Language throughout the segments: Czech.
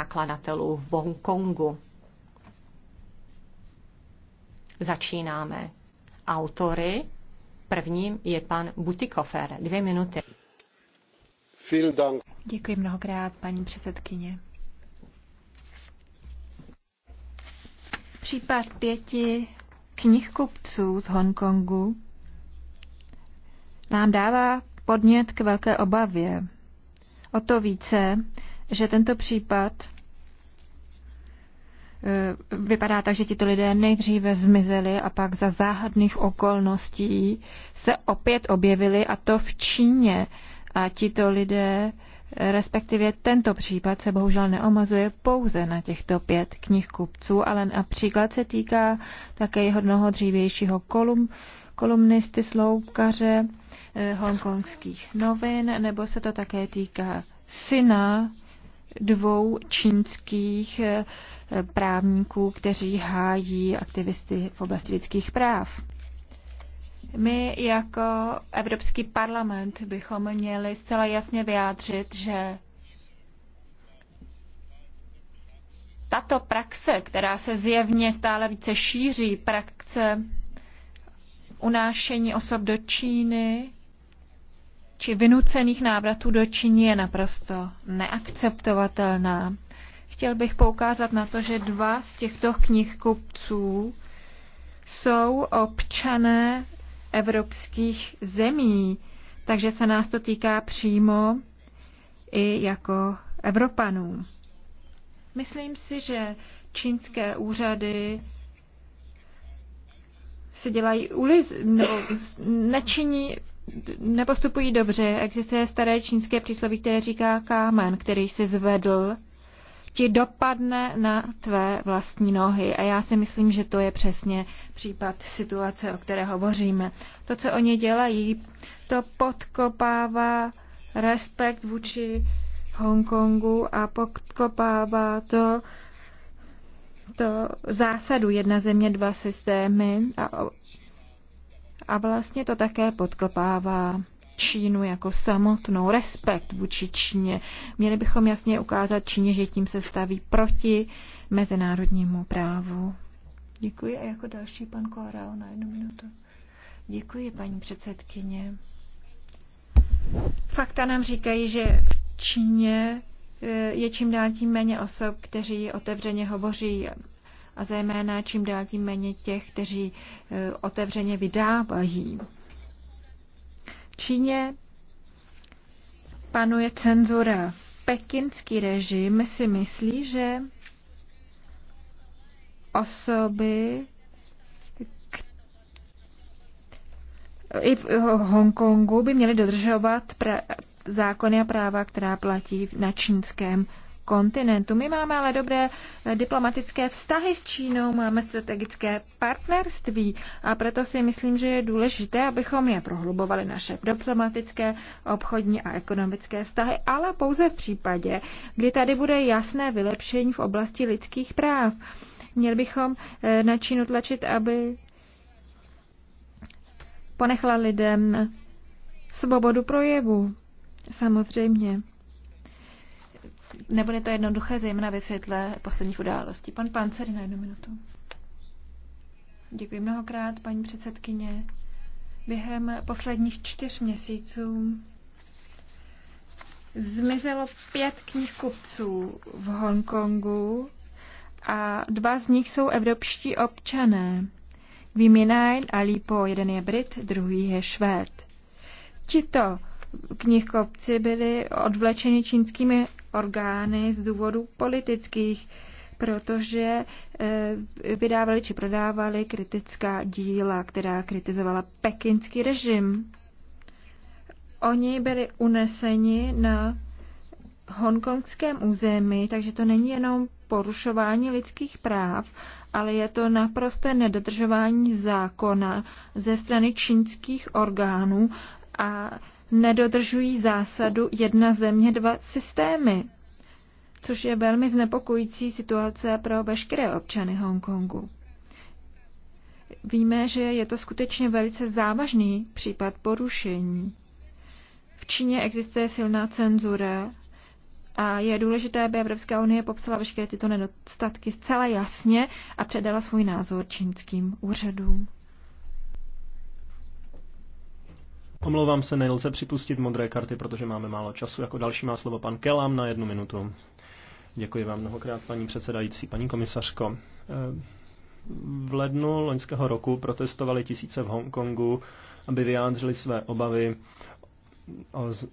nakladatelů v Hongkongu. Začínáme. Autory. Prvním je pan Butikofer. Dvě minuty. Děkuji mnohokrát, paní předsedkyně. Případ pěti knihkupců z Hongkongu nám dává podnět k velké obavě. O to více, že tento případ eh, vypadá tak, že tito lidé nejdříve zmizeli a pak za záhadných okolností se opět objevili a to v Číně. A tito lidé, eh, respektive tento případ se bohužel neomazuje pouze na těchto pět knih kupců, ale například se týká také jednoho dřívějšího kolum, kolumnisty sloupkaře eh, hongkongských novin, nebo se to také týká syna dvou čínských eh, právníků, kteří hájí aktivisty v oblasti lidských práv. My jako Evropský parlament bychom měli zcela jasně vyjádřit, že tato praxe, která se zjevně stále více šíří, praxe unášení osob do Číny, či vynucených návratů do Číny je naprosto neakceptovatelná. Chtěl bych poukázat na to, že dva z těchto knihkupců jsou občané evropských zemí, takže se nás to týká přímo i jako Evropanů. Myslím si, že čínské úřady si dělají uliz, nebo nečiní nepostupují dobře. Existuje staré čínské přísloví, které říká kámen, který si zvedl, ti dopadne na tvé vlastní nohy. A já si myslím, že to je přesně případ situace, o které hovoříme. To, co oni dělají, to podkopává respekt vůči Hongkongu a podkopává to, to zásadu jedna země, dva systémy a a vlastně to také podkopává Čínu jako samotnou, respekt vůči Číně. Měli bychom jasně ukázat Číně, že tím se staví proti mezinárodnímu právu. Děkuji. A jako další pan Koarao na jednu minutu. Děkuji, paní předsedkyně. Fakta nám říkají, že v Číně eh, je čím dál tím méně osob, kteří otevřeně hovoří a zejména čím dál tím méně těch, kteří e, otevřeně vydávají. V Číně panuje cenzura. Pekinský režim si myslí, že osoby i v Hongkongu by měly dodržovat zákony a práva, která platí na čínském kontinentu. My máme ale dobré eh, diplomatické vztahy s Čínou, máme strategické partnerství a proto si myslím, že je důležité, abychom je prohlubovali naše diplomatické, obchodní a ekonomické vztahy, ale pouze v případě, kdy tady bude jasné vylepšení v oblasti lidských práv. Měli bychom eh, na Čínu tlačit, aby ponechala lidem svobodu projevu. Samozřejmě. Nebude to jednoduché, zejména ve světle posledních událostí. Pan Pancer na jednu minutu. Děkuji mnohokrát, paní předsedkyně. Během posledních čtyř měsíců zmizelo pět knihkupců v Hongkongu a dva z nich jsou evropští občané. Viminajn a Lipo, jeden je Brit, druhý je Švéd. Tito knihkupci byli odvlečeni čínskými orgány z důvodu politických, protože eh, vydávali či prodávali kritická díla, která kritizovala pekinský režim. Oni byli uneseni na hongkongském území, takže to není jenom porušování lidských práv, ale je to naprosté nedodržování zákona ze strany čínských orgánů a nedodržují zásadu jedna země, dva systémy, což je velmi znepokojící situace pro veškeré občany Hongkongu. Víme, že je to skutečně velice závažný případ porušení. V Číně existuje silná cenzura a je důležité, aby Evropská unie popsala veškeré tyto nedostatky zcela jasně a předala svůj názor čínským úřadům. Omlouvám se, nelze připustit modré karty, protože máme málo času. Jako další má slovo pan Kelam na jednu minutu. Děkuji vám mnohokrát, paní předsedající, paní komisařko. Eh, v lednu loňského roku protestovali tisíce v Hongkongu, aby vyjádřili své obavy o z, eh,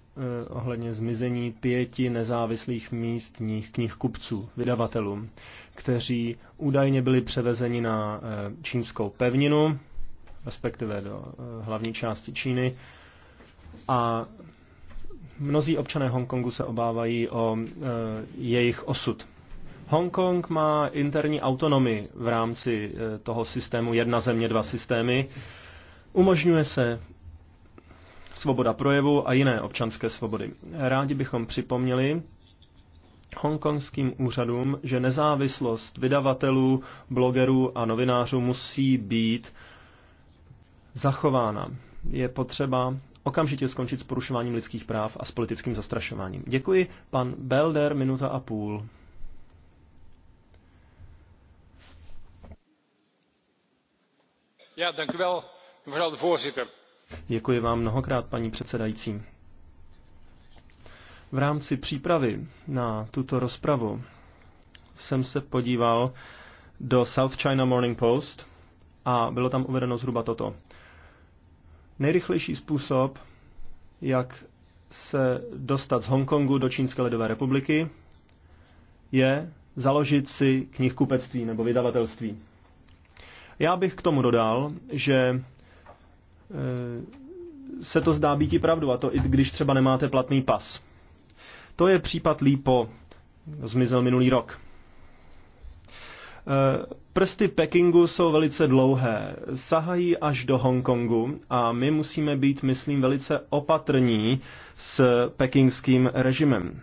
ohledně zmizení pěti nezávislých místních knihkupců, vydavatelů, kteří údajně byli převezeni na eh, čínskou pevninu, respektive do eh, hlavní části Číny, a mnozí občané Hongkongu se obávají o e, jejich osud. Hongkong má interní autonomii v rámci e, toho systému jedna země, dva systémy. Umožňuje se svoboda projevu a jiné občanské svobody. Rádi bychom připomněli hongkongským úřadům, že nezávislost vydavatelů, blogerů a novinářů musí být zachována. Je potřeba okamžitě skončit s porušováním lidských práv a s politickým zastrašováním. Děkuji. Pan Belder, minuta a půl. Ja, dank u wel, mevrouw de voorzitter. Děkuji vám mnohokrát, paní předsedající. V rámci přípravy na tuto rozpravu jsem se podíval do South China Morning Post a bylo tam uvedeno zhruba toto. Nejrychlejší způsob, jak se dostat z Hongkongu do Čínské lidové republiky, je založit si knihkupectví nebo vydavatelství. Já bych k tomu dodal, že e, se to zdá být i pravdu, a to i když třeba nemáte platný pas. To je případ Lípo, zmizel minulý rok. E, Prsty Pekingu jsou velice dlouhé, sahají až do Hongkongu a my musíme být, myslím, velice opatrní s pekingským režimem.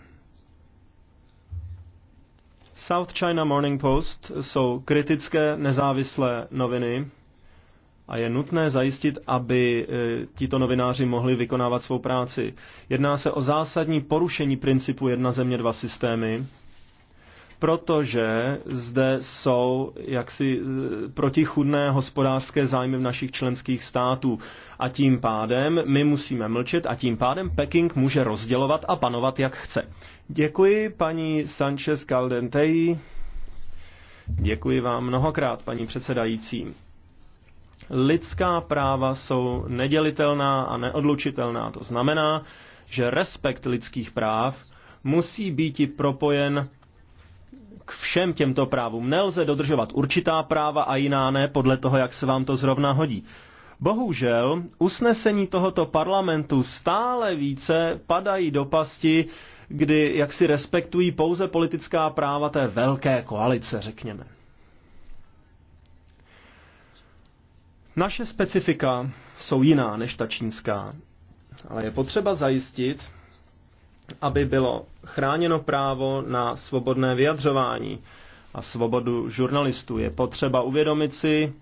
South China Morning Post jsou kritické nezávislé noviny a je nutné zajistit, aby e, tito novináři mohli vykonávat svou práci. Jedná se o zásadní porušení principu jedna země, dva systémy, protože zde jsou jaksi e, protichudné hospodářské zájmy v našich členských států. A tím pádem my musíme mlčet a tím pádem Peking může rozdělovat a panovat, jak chce. Děkuji paní Sanchez Caldentei. Děkuji vám mnohokrát, paní předsedající. Lidská práva jsou nedělitelná a neodlučitelná. To znamená, že respekt lidských práv musí být i propojen k všem těmto právům. Nelze dodržovat určitá práva a jiná ne, podle toho, jak se vám to zrovna hodí. Bohužel, usnesení tohoto parlamentu stále více padají do pasti, kdy jak si respektují pouze politická práva té velké koalice, řekněme. Naše specifika jsou jiná než ta čínská, ale je potřeba zajistit, aby bylo chráněno právo na svobodné vyjadřování a svobodu žurnalistů. Je potřeba uvědomit si,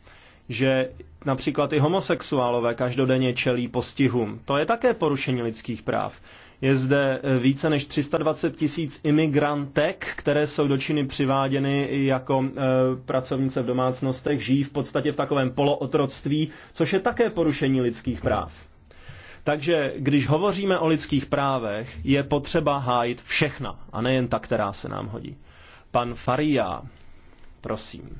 že například i homosexuálové každodenně čelí postihům. To je také porušení lidských práv. Je zde eh, více než 320 tisíc imigrantek, které jsou do Číny přiváděny jako e, pracovnice v domácnostech, žijí v podstatě v takovém polootroctví, což je také porušení lidských práv. Takže když hovoříme o lidských právech, je potřeba hájit všechna, a nejen ta, která se nám hodí. Pan Faria, prosím.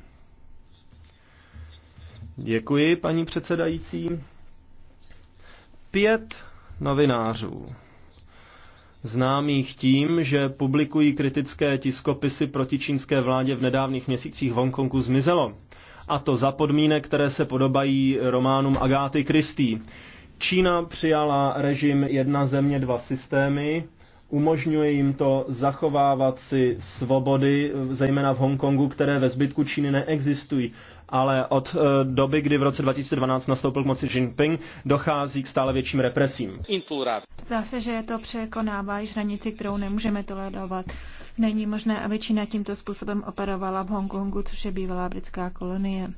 Děkuji, paní předsedající. Pět novinářů, známých tím, že publikují kritické tiskopisy proti čínské vládě v nedávných měsících v Hongkongu zmizelo. A to za podmínek, které se podobají románům Agáty Kristý. Čína přijala režim jedna země, dva systémy, umožňuje jim to zachovávat si svobody, zejména v Hongkongu, které ve zbytku Číny neexistují. Ale od eh, doby, kdy v roce 2012 nastoupil k moci Jinping, dochází k stále větším represím. Zdá se, že je to překonává již hranici, kterou nemůžeme tolerovat. Není možné, aby Čína tímto způsobem operovala v Hongkongu, což je bývalá britská kolonie.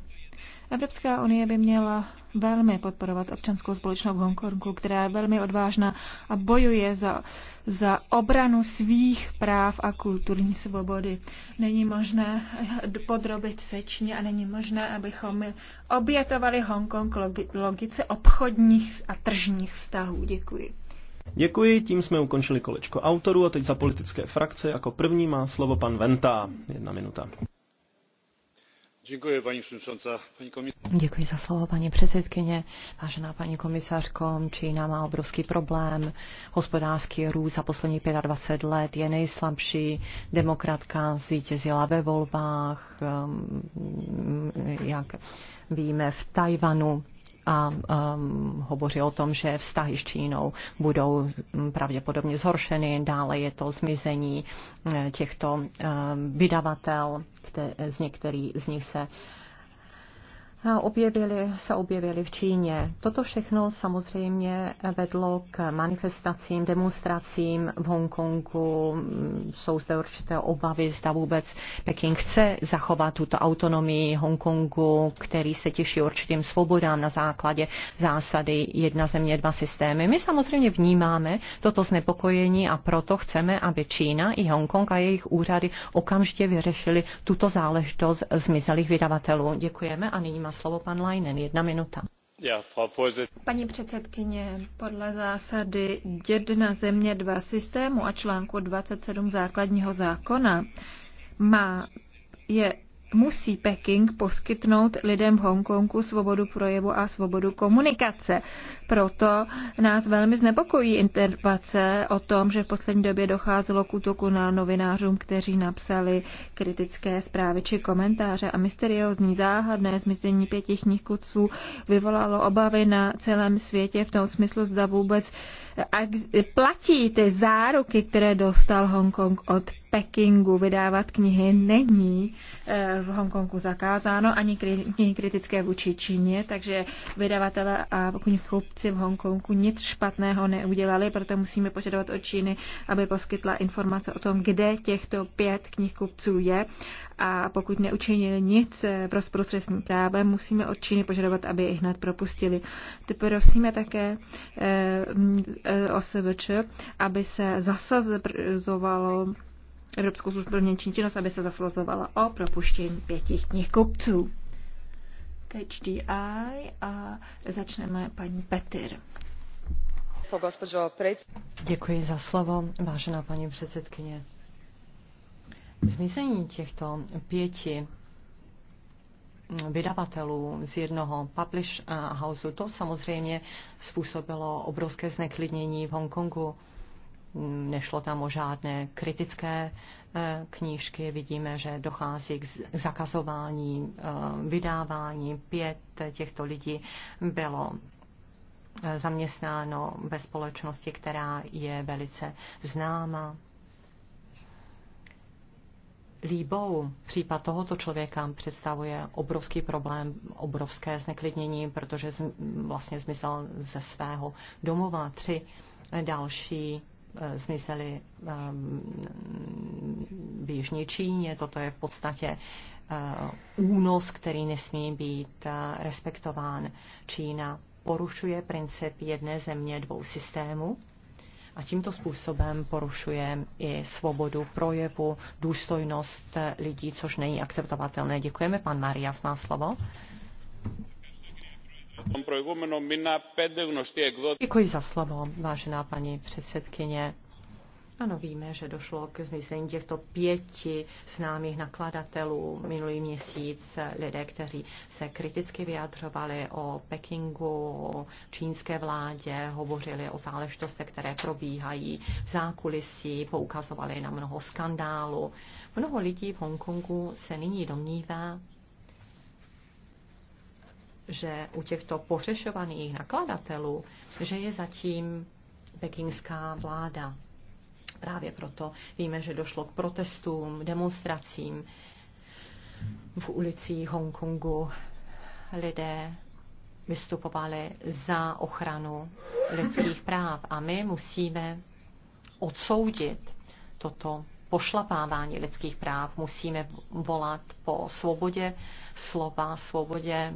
Evropská unie by měla velmi podporovat občanskou společnost v Hongkongu, která je velmi odvážná a bojuje za, za obranu svých práv a kulturní svobody. Není možné podrobit se Číně a není možné, abychom obětovali Hongkong logice obchodních a tržních vztahů. Děkuji. Děkuji, tím jsme ukončili kolečko autorů a teď za politické frakce jako první má slovo pan Venta. Jedna minuta. Děkuji, paní předsedající Vážená paní komisařko, Čína má obrovský problém. Hospodářský růst za posledních 25 let je nejslabší. Demokratka zvítězila ve volbách, um, jak víme, v Tajvanu a um, hovoří o tom, že vztahy s Čínou budou mm, pravděpodobně zhoršeny. Dále je to zmizení eh, těchto um, vydavatel, kte- z některých z nich se Objevili se objevily v Číně. Toto všechno samozřejmě vedlo k manifestacím, demonstracím v Hongkongu. Jsou zde určité obavy, zda vůbec Peking chce zachovat tuto autonomii Hongkongu, který se těší určitým svobodám na základě zásady jedna země, dva systémy. My samozřejmě vnímáme toto znepokojení a proto chceme, aby Čína i Hongkong a jejich úřady okamžitě vyřešili tuto záležitost zmizelých vydavatelů. Děkujeme a nyní má slovo pan Leinen. Jedna minuta. Paní předsedkyně, podle zásady jedna země, dva systému a článku 27 základního zákona má je musí Peking poskytnout lidem v Hongkongu svobodu projevu a svobodu komunikace. Proto nás velmi znepokojí intervace o tom, že v poslední době docházelo k útoku na novinářům, kteří napsali kritické zprávy či komentáře a mysteriózní záhadné zmizení pěti knihkupců vyvolalo obavy na celém světě v tom smyslu, zda vůbec platí ty záruky, které dostal Hongkong od Pekingu. Vydávat knihy není eh, v Hongkongu zakázáno, ani knihy kritické vůči Číně, takže vydavatele a knihkupci v Hongkongu nic špatného neudělali, proto musíme požadovat od Číny, aby poskytla informace o tom, kde těchto pět knihkupců je a pokud neučinili nic pro eh, prostřední právem, musíme od Číny požadovat, aby je hned propustili. Ty prosíme také eh, OSVČ, aby se zasazovalo Evropskou službu vnitřní činnost, aby se zasazovala o propuštění pěti knihkupců. KHDI a začneme paní Petir. Děkuji za slovo, vážená paní předsedkyně. Zmizení těchto pěti vydavatelů z jednoho publish houseu. To samozřejmě způsobilo obrovské zneklidnění v Hongkongu. Nešlo tam o žádné kritické eh, knížky. Vidíme, že dochází k zakazování eh, vydávání. Pět těchto lidí bylo eh, zaměstnáno ve společnosti, která je velice známa líbou. Případ tohoto člověka představuje obrovský problém, obrovské zneklidnění, protože z, vlastně zmizel ze svého domova. Tři další e, zmizely e, v Jižní Číně. Toto je v podstatě e, únos, který nesmí být respektován. Čína porušuje princip jedné země dvou systémů a tímto způsobem porušuje i svobodu projevu, důstojnost lidí, což není akceptovatelné. Děkujeme. Pan Marias má slovo. Děkuji za slovo, vážená paní předsedkyně. Ano, víme, že došlo k zmizení těchto pěti známých nakladatelů minulý měsíc, lidé, kteří se kriticky vyjadřovali o Pekingu, o čínské vládě, hovořili o záležitostech, které probíhají v zákulisí, poukazovali na mnoho skandálů. Mnoho lidí v Hongkongu se nyní domnívá, že u těchto pořešovaných nakladatelů, že je zatím pekingská vláda. Právě proto víme, že došlo k protestům, demonstracím v ulicích Hongkongu. Lidé vystupovali za ochranu lidských práv a my musíme odsoudit toto pošlapávání lidských práv. Musíme volat po svobodě slova, svobodě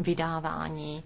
vydávání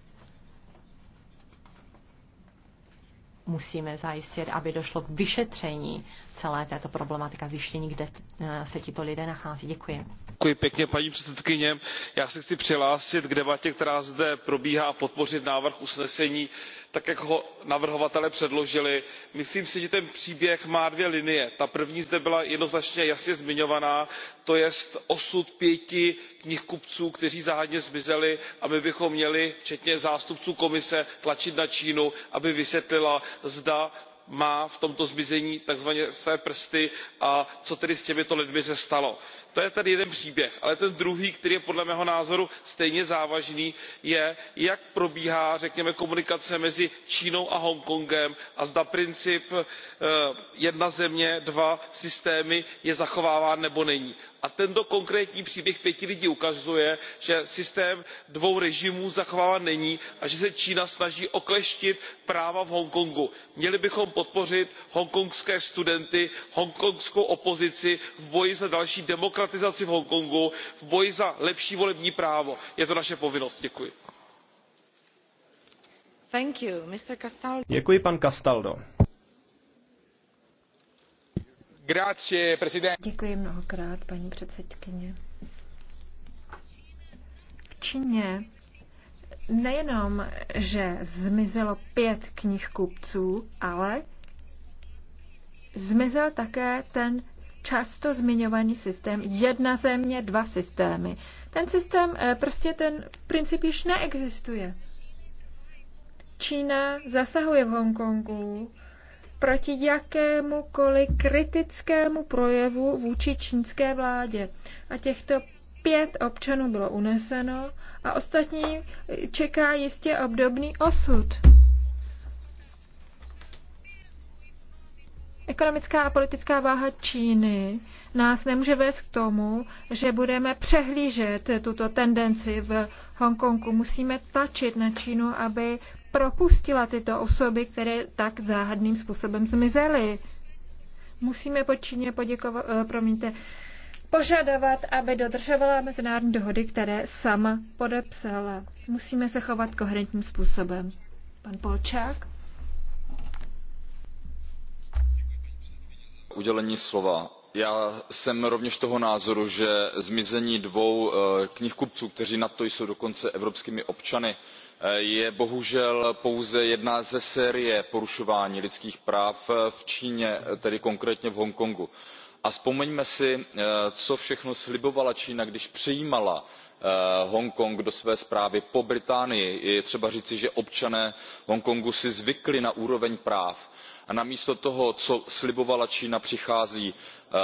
musíme zajistit, aby došlo k vyšetření celé této problematiky, zjištění, kde eh, se tito lidé nachází. Děkuji. Děkuji pěkně, paní předsedkyně. Já se chci přihlásit k debatě, která zde probíhá a podpořit návrh usnesení, tak jak ho navrhovatele předložili. Myslím si, že ten příběh má dvě linie. Ta první zde byla jednoznačně jasně zmiňovaná, to je osud pěti knihkupců, kteří záhadně zmizeli a my bychom měli, včetně zástupců komise, tlačit na Čínu, aby vysvětlila zda má v tomto zmizení takzvaně své prsty a co tedy s těmito lidmi se stalo to je ten jeden příběh ale ten druhý který je podle mého názoru stejně závažný je jak probíhá řekněme komunikace mezi čínou a hongkongem a zda princip eh, jedna země dva systémy je zachováván nebo není. a tento konkrétní příběh pěti lidí ukazuje že systém dvou režimů zachováván není a že se čína snaží okleštit práva v hongkongu. měli bychom podpořit hongkongské studenty hongkongskou opozici v boji za další demokracii demokratizaci v hongkongu v boji za lepší volební právo. je to naše povinnost. děkuji. děkuji castaldo. Děkuji mnohokrát, paní předsedkyně. V Číně nejenom, že zmizelo pět knihkupců, ale zmizel také ten často zmiňovaný systém jedna země, dva systémy. Ten systém, eh, prostě ten princip již neexistuje. Čína zasahuje v Hongkongu proti jakémukoliv kritickému projevu vůči čínské vládě. A těchto pět občanů bylo uneseno a ostatní čeká jistě obdobný osud. Ekonomická a politická váha Číny nás nemůže vést k tomu, že budeme přehlížet tuto tendenci v Hongkongu. Musíme tlačit na Čínu, aby propustila tyto osoby, které tak záhadným způsobem zmizely. Musíme po Číně poděkovat, eh, promiňte, požadovat, aby dodržovala mezinárodní dohody, které sama podepsala. Musíme se chovat koherentním způsobem. Pan Polčák. udělení slova. já jsem rovněž toho názoru že zmizení dvou eh, knihkupců kteří nadto jsou dokonce evropskými občany eh, je bohužel pouze jedna ze série porušování lidských práv eh, v číně tedy konkrétně v hongkongu. a vzpomeňme si co všechno slibovala čína když přejímala Eh, hongkong do své zprávy po británii je třeba říci že občané hongkongu si zvykli na úroveň práv a namísto toho co slibovala čína přichází eh,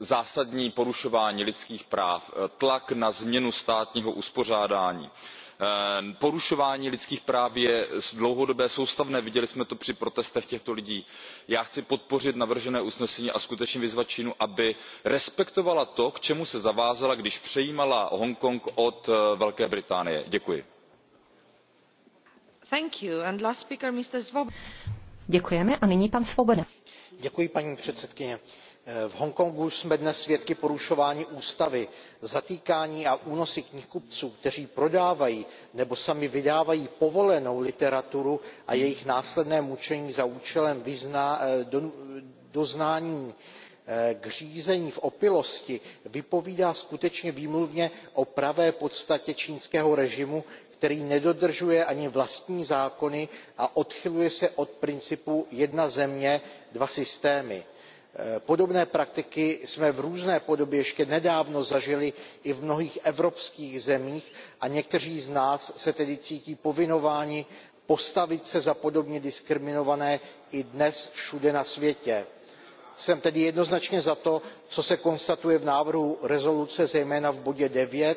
zásadní porušování lidských práv eh, tlak na změnu státního uspořádání. Eh, porušování lidských práv je dlouhodobé soustavné viděli jsme to při protestech těchto lidí. já chci podpořit navržené usnesení a skutečně vyzvat čínu aby respektovala to k čemu se zavázala když přejímala hongkong od eh, velké británie. děkuji. Děkujeme a nyní pan Svoboda. Děkuji, paní předsedající Eh, v hongkongu jsme dnes svědky porušování ústavy zatýkání a únosy knihkupců kteří prodávají nebo sami vydávají povolenou literaturu a jejich následné mučení za účelem eh, doznání eh, k řízení v opilosti vypovídá skutečně výmluvně o pravé podstatě čínského režimu který nedodržuje ani vlastní zákony a odchyluje se od principu jedna země dva systémy. Eh, podobné praktiky jsme v různé podobě ještě nedávno zažili i v mnohých evropských zemích a někteří z nás se tedy cítí povinováni postavit se za podobně diskriminované i dnes všude na světě. jsem tedy jednoznačně za to co se konstatuje v návrhu rezoluce zejména v bodě nine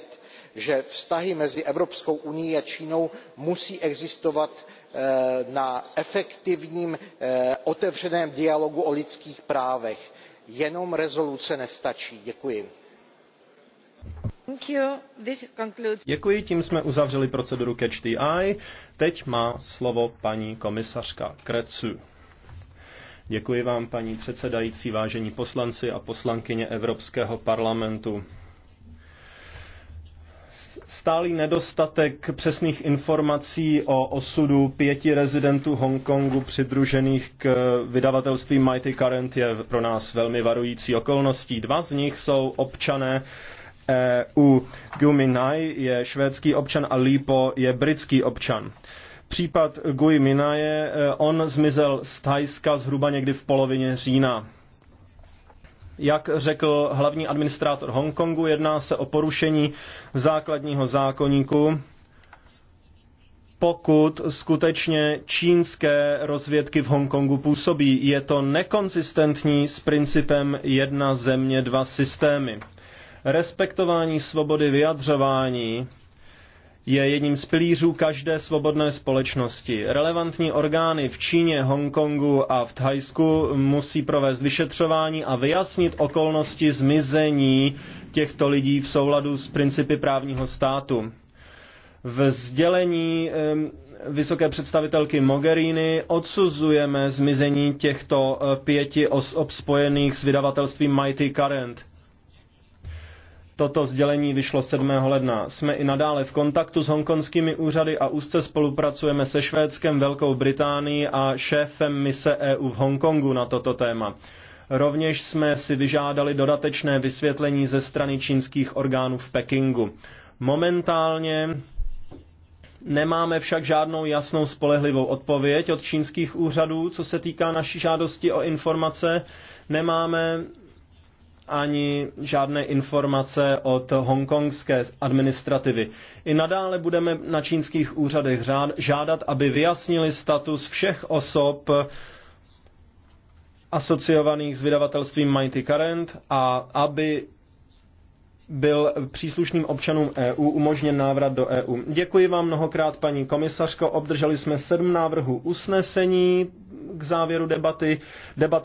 že vztahy mezi evropskou unií a čínou musí existovat eh, na efektivním eh, otevřeném dialogu o lidských právech. jenom rezoluce nestačí. děkuji. Děkuji, tím jsme uzavřeli proceduru Catch the Eye. Teď má slovo paní komisařka Krecu. Děkuji vám, paní předsedající, vážení poslanci a poslankyně Evropského parlamentu stálý nedostatek přesných informací o osudu pěti rezidentů Hongkongu přidružených k vydavatelství Mighty Current je pro nás velmi varující okolností. Dva z nich jsou občané EU. Guminai je švédský občan a Lipo je britský občan. Případ Gui Minaje, e, on zmizel z Thajska zhruba někdy v polovině října. Jak řekl hlavní administrátor Hongkongu, jedná se o porušení základního zákoníku, pokud skutečně čínské rozvědky v Hongkongu působí. Je to nekonzistentní s principem jedna země, dva systémy. Respektování svobody vyjadřování je jedním z pilířů každé svobodné společnosti. Relevantní orgány v Číně, Hongkongu a v Thajsku musí provést vyšetřování a vyjasnit okolnosti zmizení těchto lidí v souladu s principy právního státu. V sdělení vysoké představitelky Mogherini odsuzujeme zmizení těchto eh, pěti osob spojených s vydavatelstvím Mighty Current Toto sdělení vyšlo 7. ledna. Jsme i nadále v kontaktu s hongkonskými úřady a úzce spolupracujeme se Švédskem, Velkou Británií a šéfem mise EU v Hongkongu na toto téma. Rovněž jsme si vyžádali dodatečné vysvětlení ze strany čínských orgánů v Pekingu. Momentálně Nemáme však žádnou jasnou spolehlivou odpověď od čínských úřadů, co se týká naší žádosti o informace. Nemáme ani žádné informace od hongkongské administrativy. I nadále budeme na čínských úřadech žádat, aby vyjasnili status všech osob asociovaných s vydavatelstvím Mighty Current a aby byl příslušným občanům EU umožněn návrat do EU. Děkuji vám mnohokrát, paní komisařko. Obdrželi jsme sedm návrhů usnesení k závěru debaty. Debata